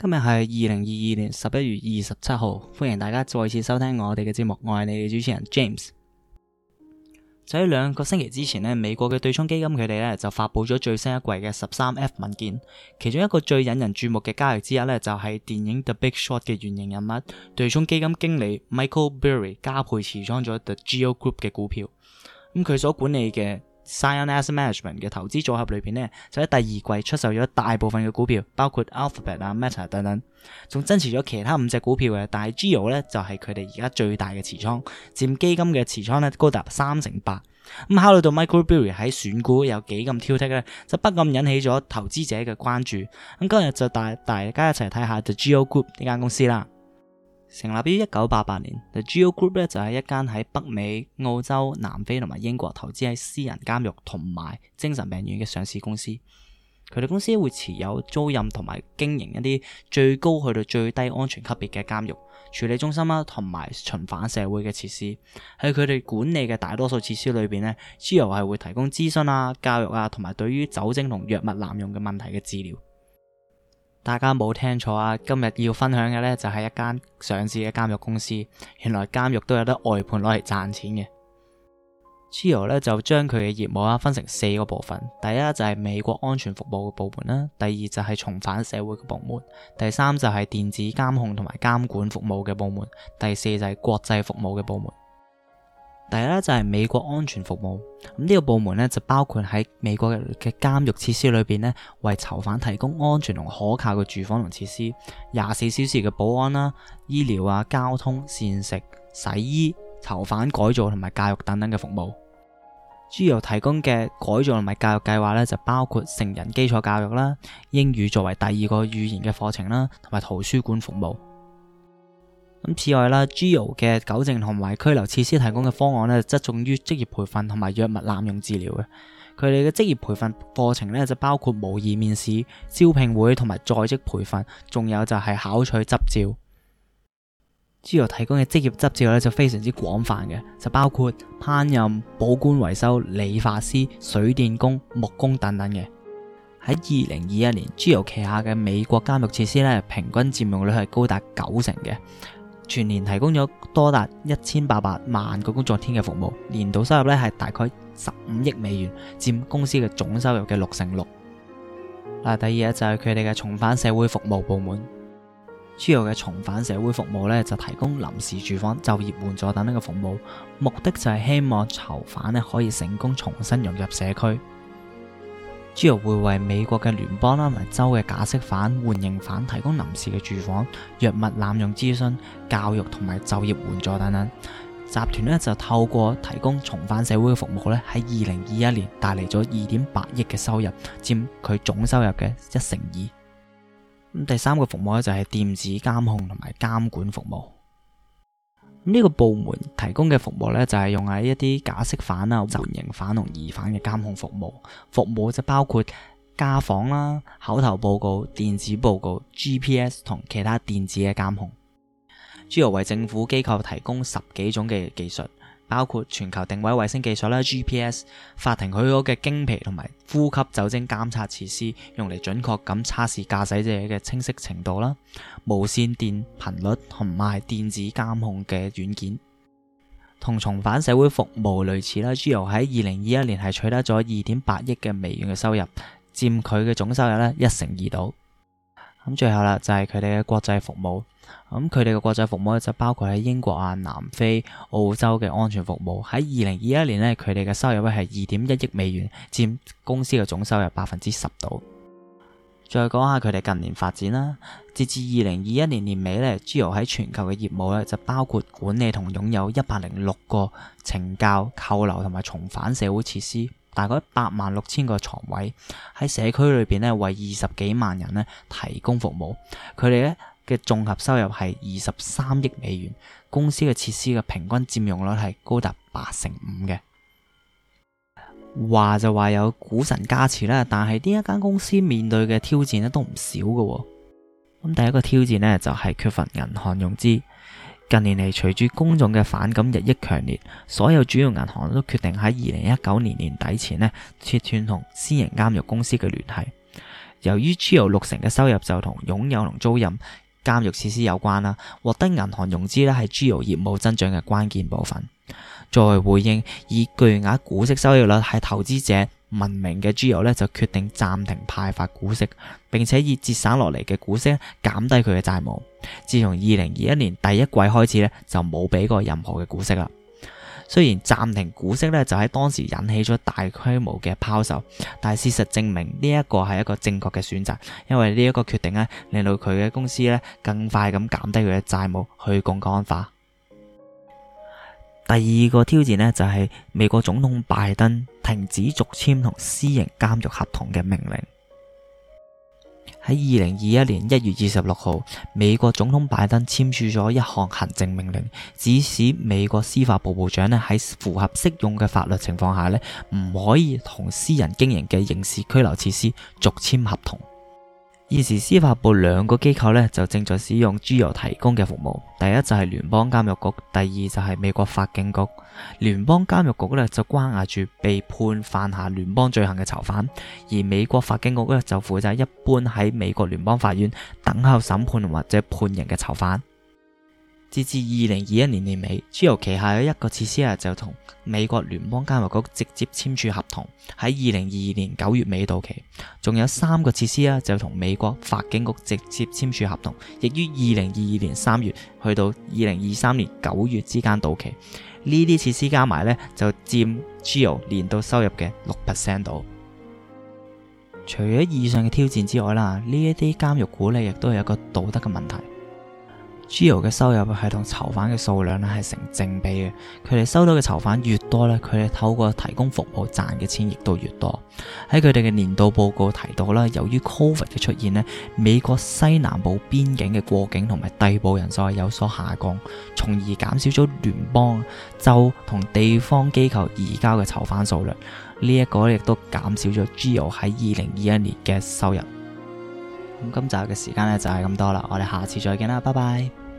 今日係二零二二年十一月二十七號，歡迎大家再次收聽我哋嘅節目，我係你嘅主持人 James。就喺兩個星期之前呢，美國嘅對沖基金佢哋呢就發布咗最新一季嘅十三 F 文件，其中一個最引人注目嘅交易之一呢就係電影《The Big Short》嘅原型人物對沖基金經理 Michael Burry 加倍持倉咗 The Geo Group 嘅股票，咁、嗯、佢所管理嘅。Scion Management 嘅投資組合裏邊咧，就喺第二季出售咗大部分嘅股票，包括 Alphabet 啊、Meta 等等，仲增持咗其他五隻股票嘅。但係 GEO 咧就係佢哋而家最大嘅持倉，佔基金嘅持倉咧高達三成八。咁、嗯、考慮到 Michael Burry 喺選股有幾咁挑剔咧，就不禁引起咗投資者嘅關注。咁、嗯、今日就帶大家一齊睇下就 GEO Group 呢間公司啦。成立於一九八八年，The GEO Group 咧就係一間喺北美、澳洲、南非同埋英國投資喺私人監獄同埋精神病院嘅上市公司。佢哋公司會持有、租賃同埋經營一啲最高去到最低安全級別嘅監獄處理中心啦，同埋循返社會嘅設施。喺佢哋管理嘅大多數設施裏邊呢，GEO 係會提供諮詢啊、教育啊，同埋對於酒精同藥物濫用嘅問題嘅治療。大家冇聽錯啊！今日要分享嘅呢就係一間上市嘅監獄公司，原來監獄都有得外判攞嚟賺錢嘅。GEO 呢就將佢嘅業務啦分成四個部分，第一就係美國安全服務嘅部門啦，第二就係重返社會嘅部門，第三就係電子監控同埋監管服務嘅部門，第四就係國際服務嘅部門。第一咧就係美國安全服務，咁呢個部門咧就包括喺美國嘅監獄設施裏邊咧，為囚犯提供安全同可靠嘅住房同設施，廿四小時嘅保安啦、醫療啊、交通、膳食、洗衣、囚犯改造同埋教育等等嘅服務。主要提供嘅改造同埋教育計劃咧，就包括成人基礎教育啦、英語作為第二個語言嘅課程啦，同埋圖書館服務。咁此外啦，GEO 嘅矯正同埋拘留設施提供嘅方案咧，側重於職業培訓同埋藥物濫用治療嘅。佢哋嘅職業培訓課程咧，就包括模擬面試、招聘會同埋在職培訓，仲有就係考取執照。GEO 提供嘅職業執照咧，就非常之廣泛嘅，就包括烹飪、保管維修、理髮師、水電工、木工等等嘅。喺二零二一年，GEO 旗下嘅美國監獄設施咧，平均佔用率係高達九成嘅。全年提供咗多達一千八百萬個工作天嘅服務，年度收入咧係大概十五億美元，佔公司嘅總收入嘅六成六。嗱，第二就係佢哋嘅重返社會服務部門，主要嘅重返社會服務咧就提供臨時住房、就業援助等呢個服務，目的就係希望囚犯咧可以成功重新融入社區。主要會為美國嘅聯邦啦、唔係州嘅假釋犯、緩刑犯提供臨時嘅住房、藥物濫用諮詢、教育同埋就業援助等等。集團呢就透過提供重返社會嘅服務咧，喺二零二一年帶嚟咗二點八億嘅收入，佔佢總收入嘅一成二。咁第三個服務咧就係電子監控同埋監管服務。呢個部門提供嘅服務呢，就係、是、用喺一啲假釋犯啊、潛形犯同疑犯嘅監控服務。服務就包括家訪啦、口頭報告、電子報告、GPS 同其他電子嘅監控。主要為政府機構提供十幾種嘅技術。包括全球定位衛星技術啦，GPS；法庭許可嘅經皮同埋呼吸酒精監測設施，用嚟準確咁測試駕駛者嘅清晰程度啦；無綫電頻率同埋電子監控嘅軟件，同重返社會服務類似啦。GEO 喺二零二一年係取得咗二點八億嘅美元嘅收入，佔佢嘅總收入咧一成二度。咁最後啦，就係佢哋嘅國際服務。咁佢哋嘅國際服務咧就包括喺英國啊、南非、澳洲嘅安全服務。喺二零二一年咧，佢哋嘅收入咧係二點一億美元，佔公司嘅總收入百分之十度。再講下佢哋近年發展啦，截至二零二一年年尾咧，GEO 喺全球嘅業務咧就包括管理同擁有一百零六個懲教、扣留同埋重返社會設施，大概八萬六千個床位，喺社區裏邊咧為二十幾萬人咧提供服務。佢哋咧，嘅綜合收入係二十三億美元，公司嘅設施嘅平均佔用率係高達八成五嘅。話就話有股神加持啦，但係呢一間公司面對嘅挑戰呢都唔少嘅、哦。咁第一個挑戰呢，就係、是、缺乏銀行融資。近年嚟，隨住公眾嘅反感日益強烈，所有主要銀行都決定喺二零一九年年底前呢切斷同私營監獄公司嘅聯繫。由於 GEO 六成嘅收入就同擁有同租賃，監獄設施有關啦，獲得銀行融資咧係 GEO 業務增長嘅關鍵部分。作為回應，以巨額股息收益率係投資者聞名嘅 GEO 咧就決定暫停派發股息，並且以節省落嚟嘅股息減低佢嘅債務。自從二零二一年第一季開始咧就冇俾過任何嘅股息啦。雖然暫停股息咧，就喺當時引起咗大規模嘅拋售，但事實證明呢一個係一個正確嘅選擇，因為呢一個決定呢，令到佢嘅公司呢，更快咁減低佢嘅債務去槓桿化。第二個挑戰呢，就係美國總統拜登停止續簽同私營監獄合同嘅命令。喺二零二一年一月二十六號，美國總統拜登簽署咗一項行政命令，指使美國司法部部長呢，喺符合適用嘅法律情況下呢，唔可以同私人經營嘅刑事拘留設施續簽合同。現時司法部兩個機構咧，就正在使用 GEO 提供嘅服務。第一就係聯邦監獄局，第二就係美國法警局。聯邦監獄局咧，就關押住被判犯下聯邦罪行嘅囚犯，而美國法警局咧，就負責一般喺美國聯邦法院等候審判或者判刑嘅囚犯。截至二零二一年年尾，GEO 旗下有一個設施啊，就同美國聯邦監獄局直接簽署合同，喺二零二二年九月尾到期，仲有三個設施啦，就同美國法警局直接簽署合同，亦於二零二二年三月去到二零二三年九月之間到期。呢啲設施加埋呢，就佔 GEO 年度收入嘅六 percent 度。除咗以上嘅挑戰之外啦，呢一啲監獄管理亦都係一個道德嘅問題。GEO 嘅收入係同囚犯嘅數量咧，係成正比嘅，佢哋收到嘅囚犯越多咧，佢哋透過提供服務賺嘅錢亦都越多。喺佢哋嘅年度報告提到啦，由於 COVID 嘅出現呢，美國西南部邊境嘅過境同埋逮捕人數係有所下降，從而減少咗聯邦州同地方機構移交嘅囚犯數量。呢、這、一個亦都減少咗 GEO 喺二零二一年嘅收入。咁今集嘅時間呢就係、是、咁多啦，我哋下次再見啦，拜拜。